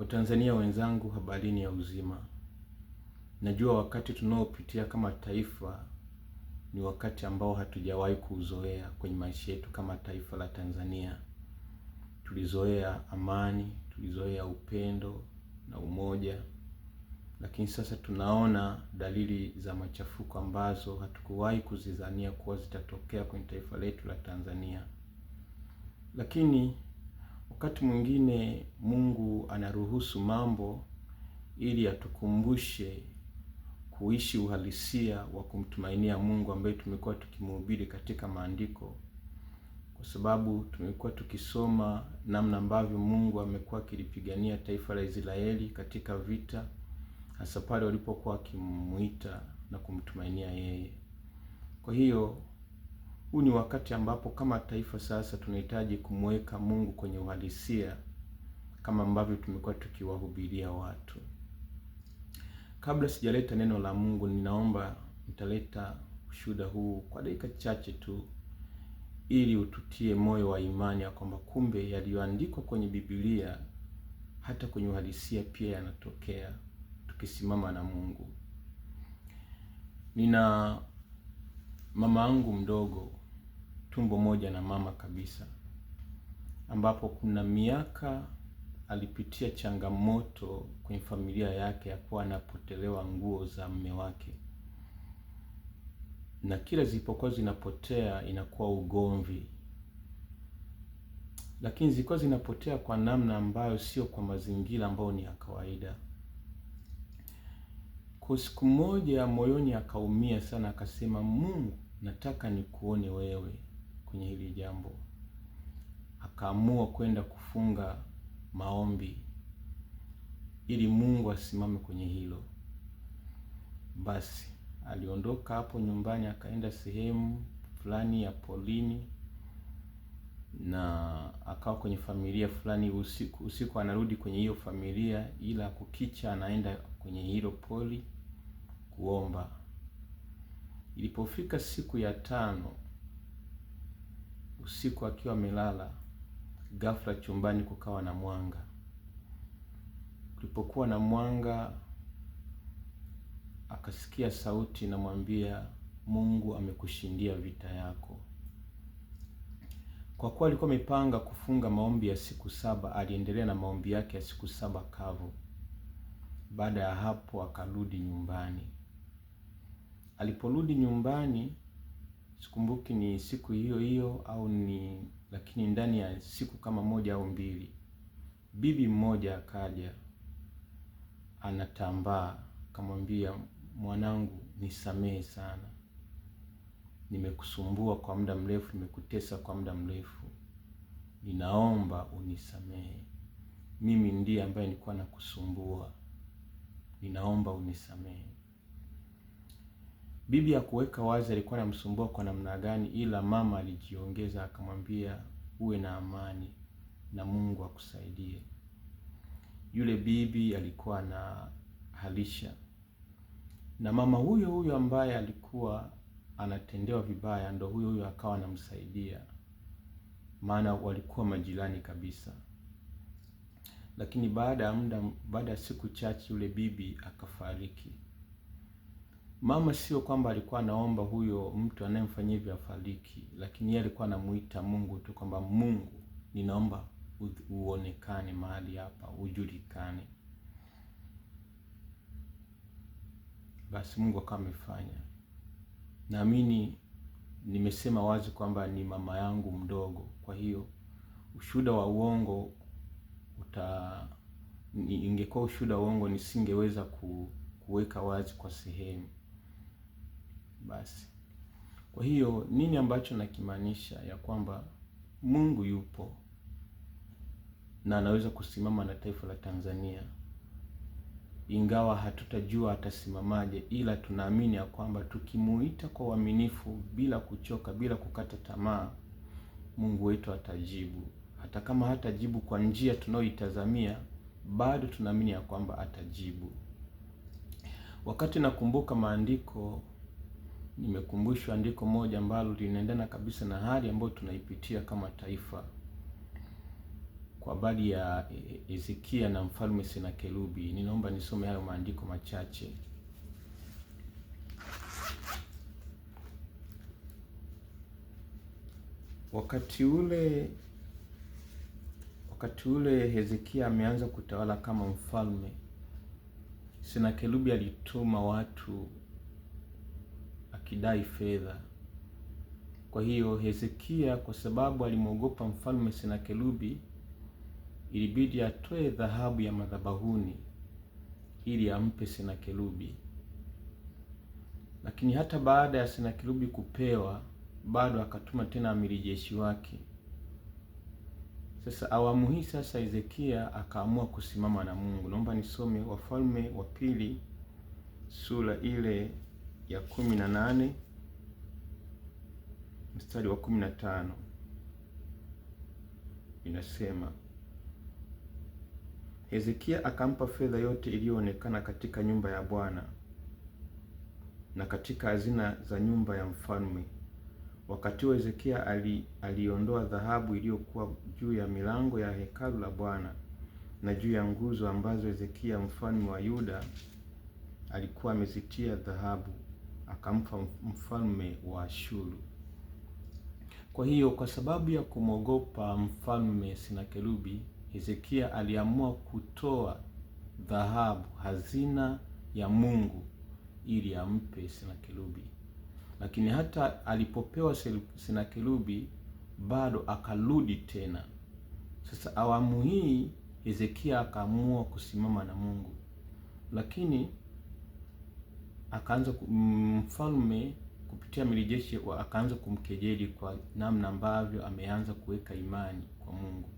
Watanzania wenzangu, habarini ya uzima. Najua wakati tunaopitia kama taifa ni wakati ambao hatujawahi kuuzoea kwenye maisha yetu kama taifa la Tanzania. Tulizoea amani, tulizoea upendo na umoja, lakini sasa tunaona dalili za machafuko ambazo hatukuwahi kuzidhania kuwa zitatokea kwenye taifa letu la Tanzania, lakini Wakati mwingine Mungu anaruhusu mambo ili atukumbushe kuishi uhalisia wa kumtumainia Mungu ambaye tumekuwa tukimhubiri katika maandiko, kwa sababu tumekuwa tukisoma namna ambavyo Mungu amekuwa akilipigania taifa la Israeli katika vita, hasa pale walipokuwa wakimwita na kumtumainia yeye. Kwa hiyo huu ni wakati ambapo kama taifa sasa tunahitaji kumweka Mungu kwenye uhalisia kama ambavyo tumekuwa tukiwahubiria watu. Kabla sijaleta neno la Mungu, ninaomba nitaleta ushuhuda huu kwa dakika chache tu, ili ututie moyo wa imani ya kwamba kumbe yaliyoandikwa kwenye Biblia hata kwenye uhalisia pia yanatokea tukisimama na Mungu. Nina mama yangu mdogo tumbo moja na mama kabisa, ambapo kuna miaka alipitia changamoto kwenye familia yake ya kuwa anapotelewa nguo za mme wake, na kila zilipokuwa zinapotea inakuwa ugomvi, lakini zilikuwa zinapotea kwa namna ambayo sio kwa mazingira ambayo ni ya kawaida. Kwa siku moja moyoni akaumia sana, akasema Mungu, nataka nikuone wewe kwenye hili jambo, akaamua kwenda kufunga maombi ili Mungu asimame kwenye hilo. Basi aliondoka hapo nyumbani akaenda sehemu fulani ya polini na akawa kwenye familia fulani. Usiku usiku anarudi kwenye hiyo familia, ila kukicha anaenda kwenye hilo poli kuomba. Ilipofika siku ya tano usiku akiwa amelala, ghafla chumbani kukawa na mwanga. Kulipokuwa na mwanga, akasikia sauti namwambia, Mungu amekushindia vita yako. Kwa kuwa alikuwa amepanga kufunga maombi ya siku saba, aliendelea na maombi yake ya siku saba kavu. Baada ya hapo, akarudi nyumbani. Aliporudi nyumbani sikumbuki ni siku hiyo hiyo au ni lakini ndani ya siku kama moja au mbili, bibi mmoja akaja anatambaa, kamwambia mwanangu, nisamehe sana, nimekusumbua kwa muda mrefu, nimekutesa kwa muda mrefu, ninaomba unisamehe. Mimi ndiye ambaye nilikuwa nakusumbua, ninaomba unisamehe. Bibi ya kuweka wazi alikuwa anamsumbua kwa namna gani, ila mama alijiongeza akamwambia, uwe na amani na Mungu akusaidie. Yule bibi alikuwa na halisha na mama huyo huyo ambaye alikuwa anatendewa vibaya, ndo huyo huyo akawa anamsaidia, maana walikuwa majirani kabisa. Lakini baada ya muda, baada ya siku chache, yule bibi akafariki. Mama sio kwamba alikuwa anaomba huyo mtu anayemfanyia hivyo afariki, lakini yeye alikuwa anamuita Mungu tu kwamba Mungu, ninaomba uonekane mahali hapa, ujulikane. Basi Mungu akawa amefanya. Naamini nimesema wazi kwamba ni mama yangu mdogo, kwa hiyo ushuhuda wa uongo uta, ingekuwa ushuhuda wa uongo nisingeweza ku, kuweka wazi kwa sehemu basi. Kwa hiyo nini ambacho nakimaanisha ya kwamba Mungu yupo na anaweza kusimama na taifa la Tanzania, ingawa hatutajua atasimamaje, ila tunaamini ya kwamba tukimuita kwa uaminifu, bila kuchoka, bila kukata tamaa, Mungu wetu atajibu. Hata kama hatajibu kwa njia tunayoitazamia, bado tunaamini ya kwamba atajibu. Wakati nakumbuka maandiko nimekumbushwa andiko moja ambalo linaendana kabisa na hali ambayo tunaipitia kama taifa kwa habari ya Hezekia na mfalme Senakeribu. Ninaomba nisome hayo maandiko machache. Wakati ule wakati ule Hezekia ameanza kutawala kama mfalme, Senakeribu alituma watu akidai fedha. Kwa hiyo Hezekia, kwa sababu alimwogopa mfalme Senakeribu, ilibidi atoe dhahabu ya madhabahuni ili ampe Senakeribu. Lakini hata baada ya Senakeribu kupewa, bado akatuma tena amiri jeshi wake. Sasa awamu hii sasa Hezekia akaamua kusimama na Mungu. Naomba nisome Wafalme wa Pili sura ile ya kumi na nane mstari wa kumi na tano inasema Hezekia akampa fedha yote iliyoonekana katika nyumba ya Bwana na katika hazina za nyumba ya mfalme. Wakati huo Hezekia ali, aliondoa dhahabu iliyokuwa juu ya milango ya hekalu la Bwana na juu ya nguzo ambazo Hezekia mfalme wa Yuda alikuwa amezitia dhahabu akampa mfalme wa Ashuru. Kwa hiyo kwa sababu ya kumwogopa mfalme Sinakerubi, Hezekia aliamua kutoa dhahabu, hazina ya Mungu, ili ampe Sinakerubi. Lakini hata alipopewa Sinakerubi bado akarudi tena. Sasa awamu hii Hezekia akaamua kusimama na Mungu, lakini akaanza mm, mfalme kupitia milijeshi akaanza kumkejeli kwa namna ambavyo ameanza kuweka imani kwa Mungu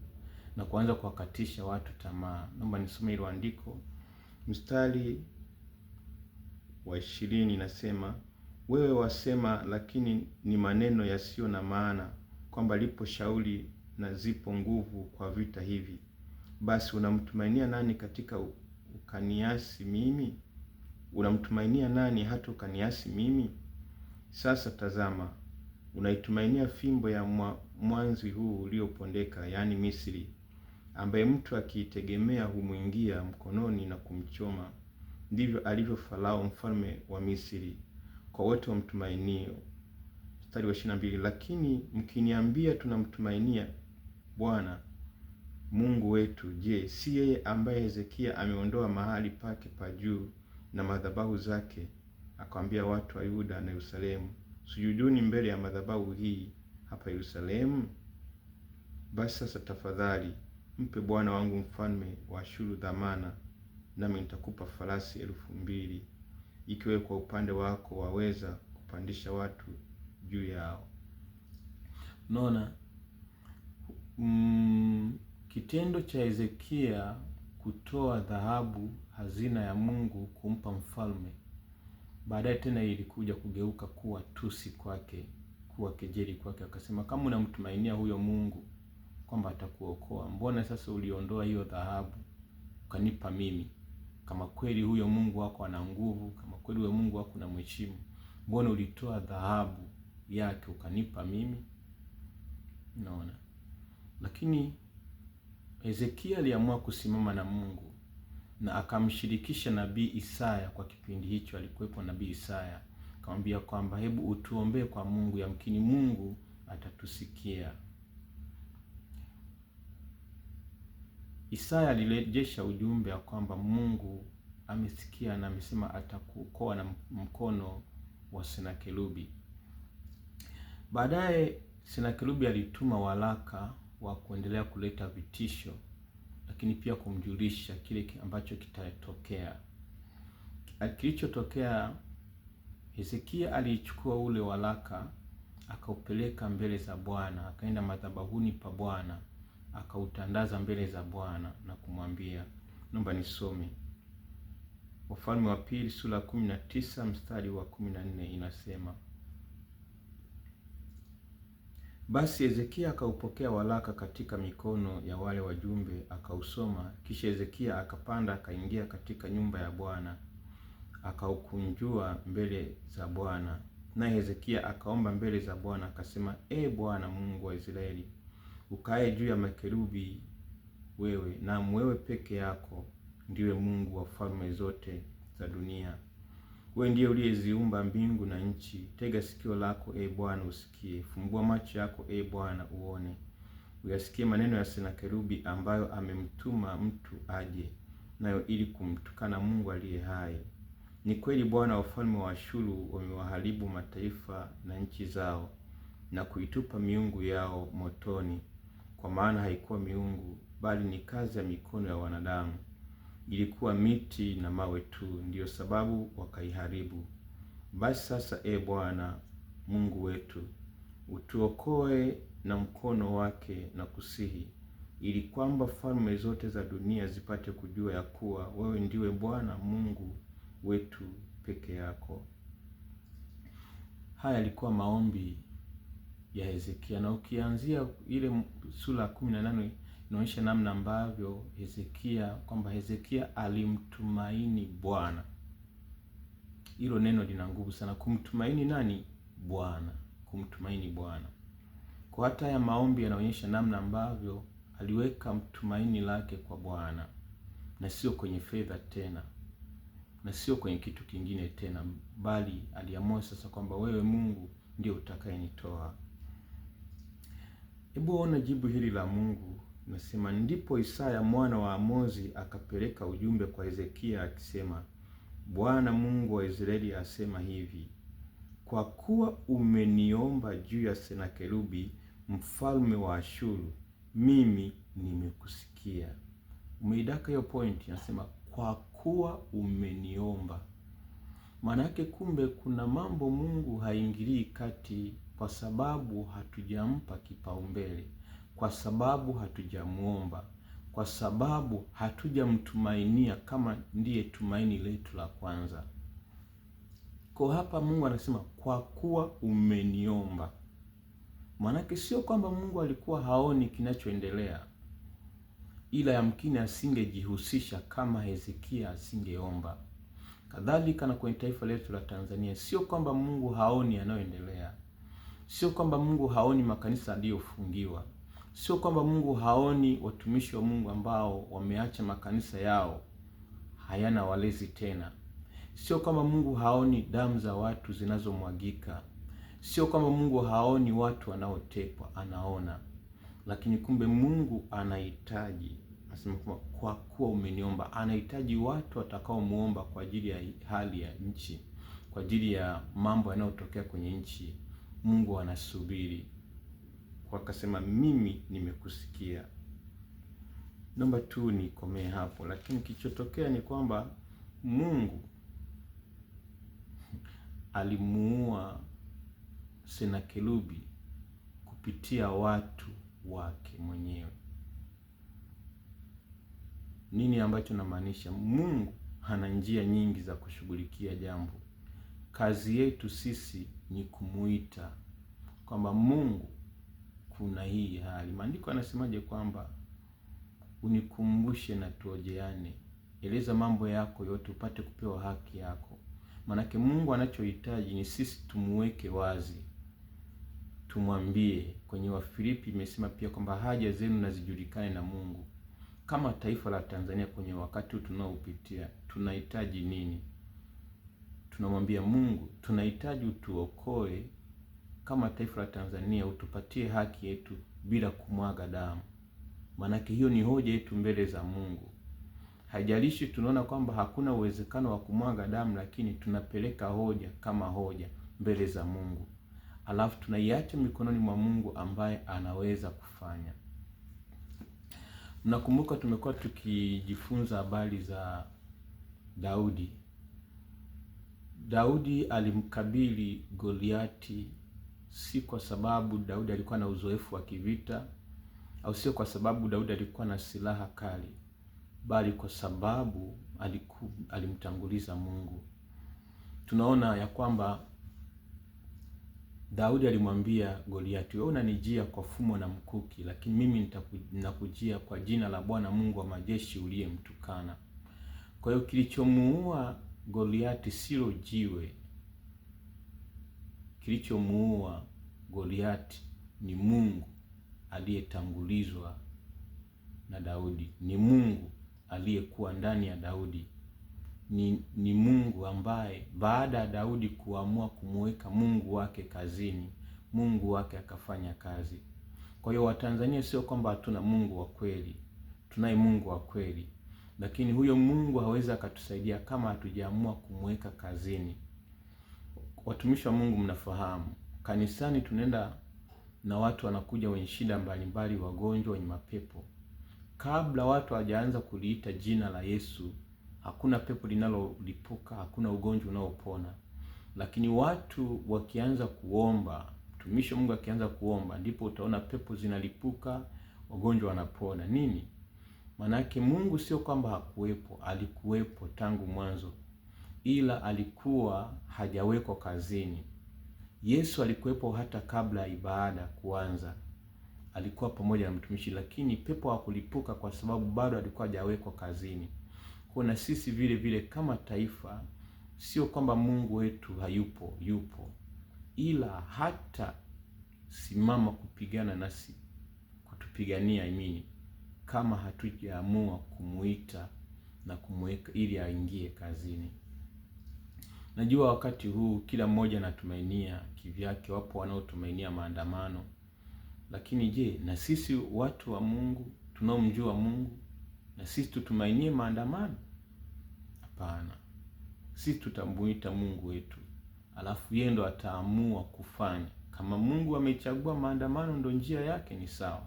na kuanza kuwakatisha watu tamaa. Naomba nisome hilo andiko, mstari wa ishirini nasema, wewe wasema lakini ni maneno yasiyo na maana, kwamba lipo shauri na zipo nguvu kwa vita hivi. Basi unamtumainia nani katika ukaniasi mimi? Unamtumainia nani hata ukaniasi mimi? Sasa tazama, unaitumainia fimbo ya mwanzi huu uliopondeka, yaani Misri, ambaye mtu akiitegemea humwingia mkononi na kumchoma. Ndivyo alivyo Farao mfalme wa Misri kwa wote wamtumainio. Mstari wa mbili lakini mkiniambia tunamtumainia Bwana Mungu wetu, je, si yeye ambaye Hezekia ameondoa mahali pake pa juu na madhabahu zake, akawaambia watu wa Yuda na Yerusalemu, sujuduni mbele ya madhabahu hii hapa Yerusalemu. Basi sasa tafadhali mpe bwana wangu mfalme wa Ashuru dhamana, nami nitakupa farasi elfu mbili ikiwe kwa upande wako waweza kupandisha watu juu yao. Unaona, mm, kitendo cha Hezekia kutoa dhahabu hazina ya Mungu kumpa mfalme. Baadaye tena ilikuja kugeuka kuwa tusi kwake, kuwa kejeli kwake. Akasema, kama unamtumainia huyo Mungu kwamba atakuokoa, mbona sasa uliondoa hiyo dhahabu ukanipa mimi? Kama kweli huyo Mungu wako ana nguvu, kama kweli huyo Mungu wako mheshimu, mbona ulitoa dhahabu yake ukanipa mimi? Unaona, lakini Hezekia aliamua kusimama na Mungu na akamshirikisha nabii Isaya kwa kipindi hicho, alikuwepo nabii Isaya, akamwambia kwamba hebu utuombee kwa Mungu, yamkini Mungu atatusikia. Isaya alirejesha ujumbe ya kwamba Mungu amesikia na amesema atakuokoa na mkono wa senakerubi Baadaye senakerubi alituma waraka wa kuendelea kuleta vitisho lakini pia kumjulisha kile ambacho kitatokea. Kilichotokea, Hezekia aliichukua ule waraka akaupeleka mbele za Bwana, akaenda madhabahuni pa Bwana akautandaza mbele za Bwana na kumwambia, naomba nisome Wafalme wa Pili sura ya kumi na tisa mstari wa kumi na nne inasema basi Hezekia akaupokea walaka katika mikono ya wale wajumbe, akausoma. Kisha Hezekia akapanda akaingia katika nyumba ya Bwana, akaukunjua mbele za Bwana. Naye Hezekia akaomba mbele za Bwana akasema, E Bwana Mungu wa Israeli, ukae juu ya makerubi, wewe na wewe peke yako ndiwe Mungu wa falme zote za dunia. Wewe ndiye uliyeziumba mbingu na nchi. Tega sikio lako e Bwana usikie, fumbua macho yako e Bwana uone, uyasikie maneno ya senakerubi ambayo amemtuma mtu aje nayo ili kumtukana Mungu aliye hai. Ni kweli Bwana, wafalme wa Ashuru wamewaharibu mataifa na nchi zao na kuitupa miungu yao motoni, kwa maana haikuwa miungu, bali ni kazi ya mikono ya wanadamu ilikuwa miti na mawe tu, ndiyo sababu wakaiharibu. Basi sasa, e Bwana Mungu wetu, utuokoe na mkono wake na kusihi, ili kwamba falme zote za dunia zipate kujua ya kuwa wewe ndiwe Bwana Mungu wetu peke yako. Haya yalikuwa maombi ya Hezekia, na ukianzia ile sura ya kumi na nane inaonyesha namna ambavyo Hezekia kwamba Hezekia alimtumaini Bwana. Hilo neno lina nguvu sana. Kumtumaini nani? Bwana. Kumtumaini Bwana. Kwa hata ya maombi yanaonyesha namna ambavyo aliweka mtumaini lake kwa Bwana na sio kwenye fedha tena na sio kwenye kitu kingine tena, bali aliamua sasa kwamba wewe Mungu ndio utakayenitoa. Hebu ona jibu hili la Mungu Nasema ndipo Isaya mwana wa Amozi akapeleka ujumbe kwa Hezekia akisema, Bwana Mungu wa Israeli asema hivi, kwa kuwa umeniomba juu ya Senakerubi mfalme wa Ashuru, mimi nimekusikia. Umeidaka hiyo point, nasema kwa kuwa umeniomba. Maana yake kumbe, kuna mambo Mungu haingilii kati kwa sababu hatujampa kipaumbele kwa sababu hatujamwomba, kwa sababu hatujamtumainia kama ndiye tumaini letu la kwanza. Kwa hapa Mungu anasema kwa kuwa umeniomba. Maanake sio kwamba Mungu alikuwa haoni kinachoendelea, ila yamkini asingejihusisha kama Hezekia asingeomba. Kadhalika na kwenye taifa letu la Tanzania, sio kwamba Mungu haoni yanayoendelea, sio kwamba Mungu haoni makanisa yaliyofungiwa Sio kwamba Mungu haoni watumishi wa Mungu ambao wameacha makanisa yao hayana walezi tena. Sio kwamba Mungu haoni damu za watu zinazomwagika. Sio kwamba Mungu haoni watu wanaotekwa, anaona. Lakini kumbe Mungu anahitaji, anasema kwa kuwa umeniomba, anahitaji watu watakaomuomba kwa ajili ya hali ya nchi, kwa ajili ya mambo yanayotokea kwenye nchi. Mungu anasubiri wakasema mimi nimekusikia. Naomba tu nikomee hapo, lakini kilichotokea ni kwamba Mungu alimuua senakelubi kupitia watu wake mwenyewe. Nini ambacho namaanisha? Mungu ana njia nyingi za kushughulikia jambo. Kazi yetu sisi ni kumuita kwamba Mungu kuna hii hali. Maandiko yanasemaje? Kwamba unikumbushe na tuojeane, eleza mambo yako yote upate kupewa haki yako. Maanake Mungu anachohitaji ni sisi tumuweke wazi, tumwambie. Kwenye Wafilipi imesema pia kwamba haja zenu nazijulikane na Mungu. Kama taifa la Tanzania kwenye wakati tunaopitia, tunahitaji nini? Tunamwambia Mungu, tunahitaji utuokoe kama taifa la Tanzania utupatie haki yetu bila kumwaga damu. Maanake hiyo ni hoja yetu mbele za Mungu. Haijalishi tunaona kwamba hakuna uwezekano wa kumwaga damu, lakini tunapeleka hoja kama hoja mbele za Mungu, alafu tunaiacha mikononi mwa Mungu ambaye anaweza kufanya. Mnakumbuka tumekuwa tukijifunza habari za Daudi. Daudi alimkabili Goliati si kwa sababu Daudi alikuwa na uzoefu wa kivita au sio kwa sababu Daudi alikuwa na silaha kali, bali kwa sababu aliku, alimtanguliza Mungu. Tunaona ya kwamba Daudi alimwambia Goliati, wewe unanijia kwa fumo na mkuki, lakini mimi ninakujia kwa jina la Bwana Mungu wa majeshi uliyemtukana. Kwa hiyo kilichomuua Goliati silo jiwe kilichomuua Goliati ni Mungu aliyetangulizwa na Daudi, ni Mungu aliyekuwa ndani ya Daudi, ni, ni Mungu ambaye baada ya Daudi kuamua kumuweka Mungu wake kazini, Mungu wake akafanya kazi. Kwa hiyo Watanzania, sio kwamba hatuna Mungu wa kweli, tunaye Mungu wa kweli, lakini huyo Mungu hawezi akatusaidia kama hatujaamua kumweka kazini watumishi wa Mungu mnafahamu, kanisani tunaenda na watu wanakuja wenye shida mbalimbali, wagonjwa, wenye mapepo. Kabla watu hawajaanza kuliita jina la Yesu, hakuna pepo linalolipuka, hakuna ugonjwa unaopona. Lakini watu wakianza kuomba, mtumishi wa Mungu akianza kuomba, ndipo utaona pepo zinalipuka, wagonjwa wanapona. Nini maanake? Mungu sio kwamba hakuwepo, alikuwepo tangu mwanzo ila alikuwa hajawekwa kazini. Yesu alikuwepo hata kabla ibada kuanza, alikuwa pamoja na mtumishi, lakini pepo hakulipuka kwa sababu bado alikuwa hajawekwa kazini. Kuna sisi vile vile kama taifa, sio kwamba Mungu wetu hayupo, yupo, ila hata simama kupigana nasi, kutupigania imini, kama hatujaamua kumuita na kumweka ili aingie kazini. Najua wakati huu kila mmoja anatumainia kivyake, wapo wanaotumainia maandamano. Lakini je, na sisi watu wa Mungu tunaomjua Mungu, na sisi tutumainie maandamano? Hapana, sisi tutamuita Mungu wetu, alafu yeye ndo ataamua kufanya. Kama Mungu amechagua maandamano ndo njia yake, ni sawa,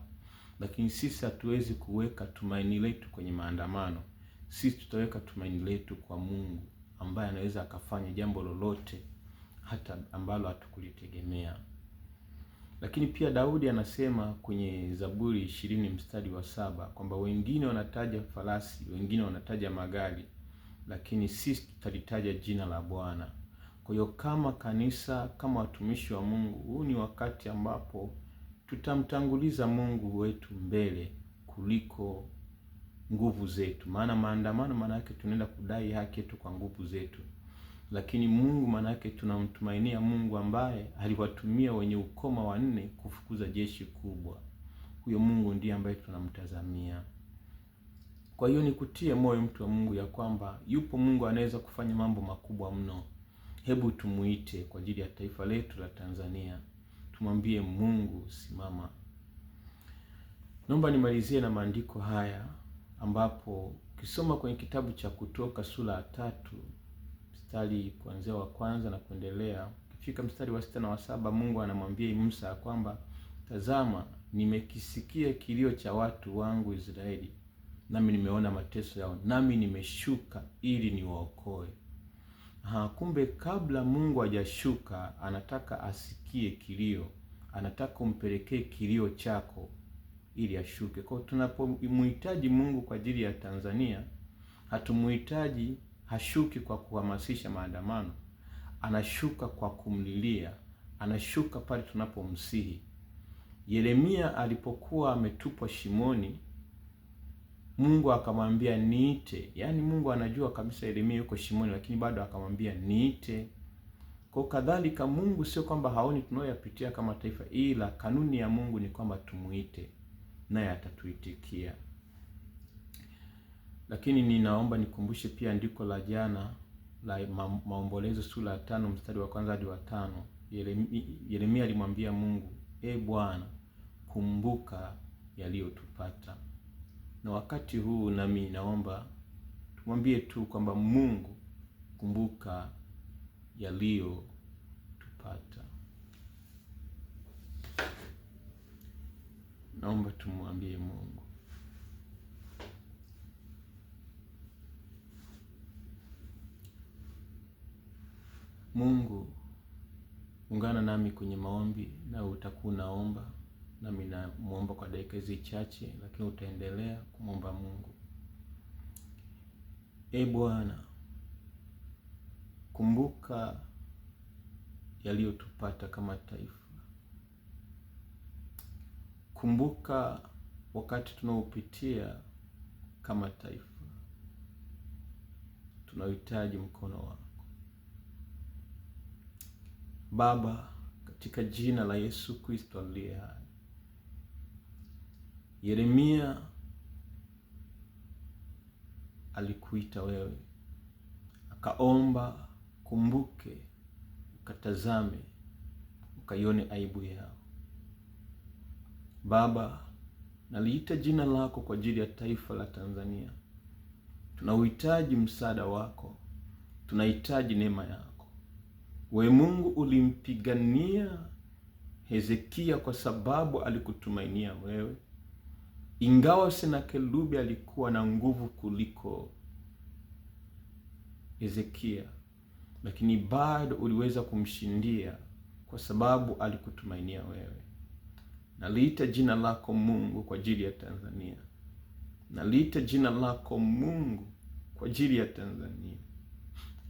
lakini sisi hatuwezi kuweka tumaini letu kwenye maandamano. Sisi tutaweka tumaini letu kwa Mungu ambaye anaweza akafanya jambo lolote hata ambalo hatukulitegemea. Lakini pia Daudi anasema kwenye Zaburi ishirini mstari wa saba kwamba wengine wanataja farasi, wengine wanataja magari, lakini sisi tutalitaja jina la Bwana. Kwa hiyo kama kanisa, kama watumishi wa Mungu, huu ni wakati ambapo tutamtanguliza Mungu wetu mbele kuliko nguvu zetu, maana maandamano maana yake tunaenda kudai haki yetu kwa nguvu zetu. Lakini Mungu maana yake tunamtumainia Mungu ambaye aliwatumia wenye ukoma wanne kufukuza jeshi kubwa. Huyo Mungu ndiye ambaye tunamtazamia. Kwa hiyo nikutie moyo mtu wa Mungu ya kwamba yupo Mungu anaweza kufanya mambo makubwa mno. Hebu tumuite kwa ajili ya taifa letu la Tanzania, tumwambie Mungu simama. Naomba nimalizie na maandiko haya ambapo ukisoma kwenye kitabu cha Kutoka sura ya tatu mstari kuanzia wa kwanza na kuendelea, ukifika mstari wa sita na wa saba Mungu anamwambia Musa kwamba tazama, nimekisikia kilio cha watu wangu Israeli, nami nimeona mateso yao, nami nimeshuka ili niwaokoe. Ha, kumbe kabla Mungu hajashuka anataka asikie kilio, anataka umpelekee kilio chako ili ashuke. Kwa hiyo tunapomhitaji Mungu kwa ajili ya Tanzania, hatumhitaji hashuki kwa kuhamasisha maandamano, anashuka kwa kumlilia, anashuka pale tunapomsihi. Yeremia alipokuwa ametupwa shimoni, Mungu akamwambia niite. Yaani Mungu anajua kabisa Yeremia yuko shimoni, lakini bado akamwambia niite. Kwa kadhalika Mungu sio kwamba haoni tunayoyapitia kama taifa, ila kanuni ya Mungu ni kwamba tumuite naye atatuitikia. Lakini ninaomba nikumbushe pia andiko la jana la Maombolezo sura ya tano mstari wa kwanza hadi wa tano. Yeremia alimwambia Mungu, E Bwana, kumbuka yaliyotupata. Na wakati huu nami naomba tumwambie tu kwamba Mungu, kumbuka yaliyotupata. Naomba tumwambie Mungu. Mungu, ungana nami kwenye maombi, na utakuwa unaomba nami namwomba kwa dakika hizi chache, lakini utaendelea kumwomba Mungu. E Bwana, kumbuka yaliyotupata kama taifa kumbuka wakati tunaopitia kama taifa, tunahitaji mkono wako Baba, katika jina la Yesu Kristo aliye hai. Yeremia alikuita wewe, akaomba kumbuke, ukatazame, ukaione aibu yao. Baba, naliita jina lako kwa ajili ya taifa la Tanzania. Tunauhitaji msaada wako, tunahitaji neema yako. We Mungu, ulimpigania Hezekia kwa sababu alikutumainia wewe, ingawa Senakeribu alikuwa na nguvu kuliko Hezekia, lakini bado uliweza kumshindia kwa sababu alikutumainia wewe. Naliita jina lako Mungu kwa ajili ya Tanzania. Naliita jina lako Mungu kwa ajili ya Tanzania.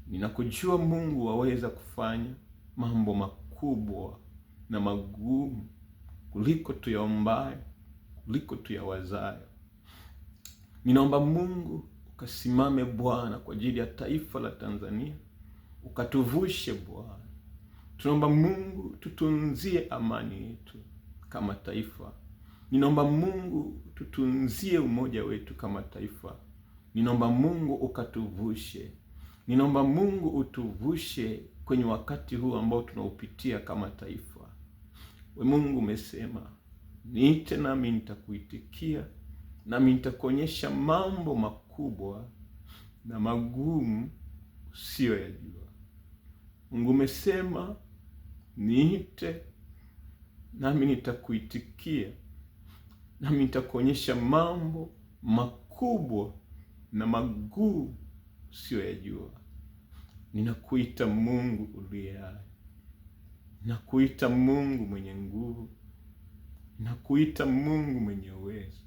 Ninakujua Mungu waweza kufanya mambo makubwa na magumu kuliko tuyaombayo, kuliko tuyawazayo. Ninaomba Mungu ukasimame Bwana kwa ajili ya taifa la Tanzania, ukatuvushe Bwana. Tunaomba Mungu tutunzie amani yetu kama taifa. Ninaomba Mungu tutunzie umoja wetu kama taifa. Ninaomba Mungu ukatuvushe. Ninaomba Mungu utuvushe kwenye wakati huu ambao tunaupitia kama taifa. We Mungu umesema, niite nami nitakuitikia, nami nitakuonyesha mambo makubwa na magumu usiyoyajua. Mungu umesema niite nami nitakuitikia, nami nitakuonyesha mambo makubwa na maguu usiyoyajua. Ninakuita Mungu uliye hai, ninakuita Mungu mwenye nguvu, ninakuita Mungu mwenye uwezo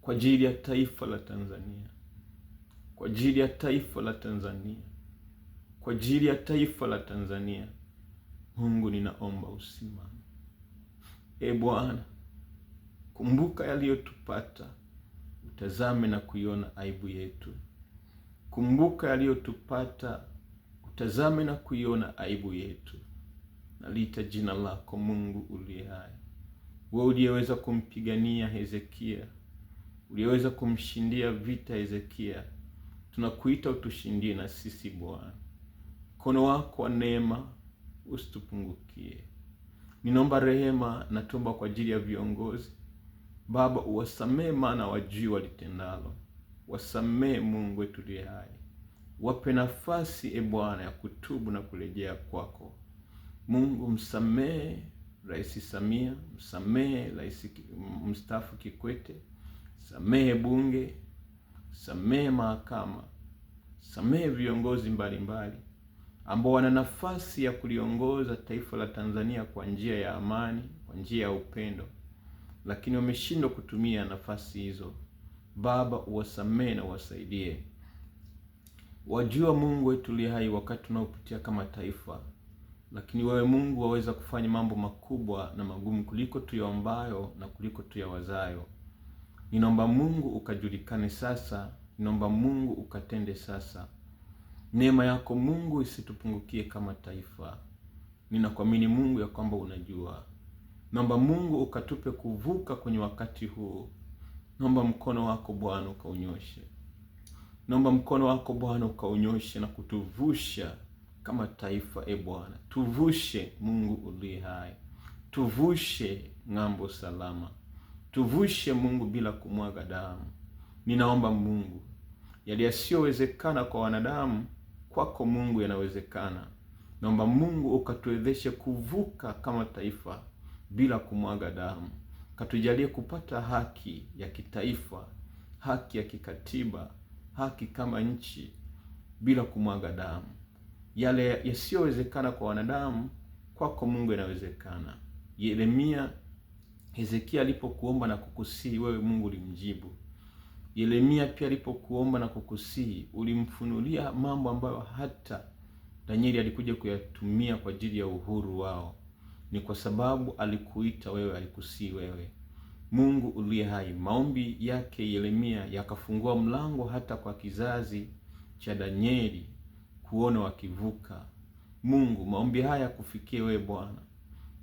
kwa ajili ya taifa la Tanzania, kwa ajili ya taifa la Tanzania, kwa ajili ya taifa la Tanzania. Mungu ninaomba usimame. E Bwana, kumbuka yaliyotupata, utazame na kuiona aibu yetu. Kumbuka yaliyotupata, utazame na kuiona aibu yetu. Nalita jina lako Mungu uliye hai, wewe uliyeweza kumpigania Hezekia, uliyeweza kumshindia vita Hezekia. Tunakuita utushindie na sisi Bwana, mkono wako wa neema usitupungukie. Ninaomba rehema na tumba kwa ajili ya viongozi. Baba, uwasamee maana wajui walitendalo. Wasamee Mungu wetu liye hai, wape nafasi e Bwana ya kutubu na kurejea kwako. Mungu, msamee Rais Samia, msamee Rais mstaafu Kikwete, samehe bunge, samehe mahakama, samehe viongozi mbalimbali mbali ambao wana nafasi ya kuliongoza taifa la Tanzania kwa njia ya amani, kwa njia ya upendo, lakini wameshindwa kutumia nafasi hizo. Baba, uwasamee na uwasaidie. Wajua Mungu wetu li hai wakati tunaopitia kama taifa, lakini wewe Mungu waweza kufanya mambo makubwa na magumu kuliko tuyaombayo na kuliko tuyawazayo. Ninaomba Mungu ukajulikane sasa, ninaomba Mungu ukatende sasa. Neema yako Mungu isitupungukie kama taifa. Ninakuamini Mungu ya kwamba unajua. Naomba Mungu ukatupe kuvuka kwenye wakati huu. Naomba mkono wako Bwana ukaunyoshe. Naomba mkono wako Bwana ukaunyoshe na kutuvusha kama taifa. E Bwana, tuvushe Mungu uliye hai, tuvushe ng'ambo salama, tuvushe Mungu bila kumwaga damu. Ninaomba Mungu yali yasiyowezekana kwa wanadamu kwako Mungu yanawezekana. Naomba Mungu ukatuwezeshe kuvuka kama taifa bila kumwaga damu, katujalie kupata haki ya kitaifa, haki ya kikatiba, haki kama nchi bila kumwaga damu. Yale yasiyowezekana kwa wanadamu, kwako Mungu yanawezekana. Yeremia Hezekia alipokuomba na kukusii, wewe Mungu ulimjibu. Yeremia pia alipokuomba na kukusihi, ulimfunulia mambo ambayo hata Danieli alikuja kuyatumia kwa ajili ya uhuru wao. Ni kwa sababu alikuita wewe, alikusii wewe. Mungu uliye hai, maombi yake Yeremia yakafungua mlango hata kwa kizazi cha Danieli kuona wakivuka. Mungu, maombi haya kufikie wewe Bwana,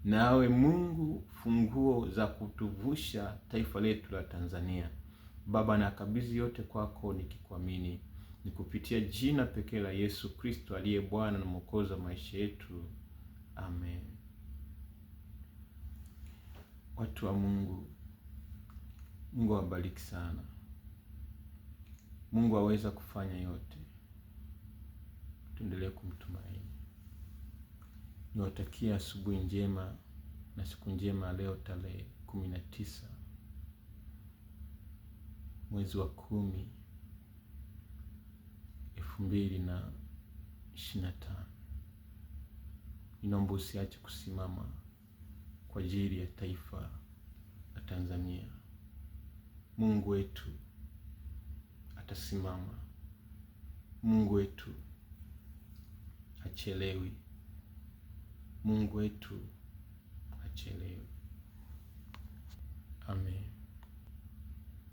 nawe Mungu funguo za kutuvusha taifa letu la Tanzania. Baba, nakabidhi yote kwako nikikuamini ni kupitia jina pekee la Yesu Kristo aliye Bwana na Mwokozi wa maisha yetu, amen. Watu wa Mungu, Mungu awabariki sana. Mungu aweza kufanya yote, tuendelee kumtumaini. Niwatakia asubuhi njema na siku njema leo tarehe kumi na tisa mwezi wa kumi elfu mbili na ishirini na tano. Ninaomba usiache kusimama kwa ajili ya taifa la Tanzania. Mungu wetu atasimama. Mungu wetu hachelewi. Mungu wetu hachelewi. Amen.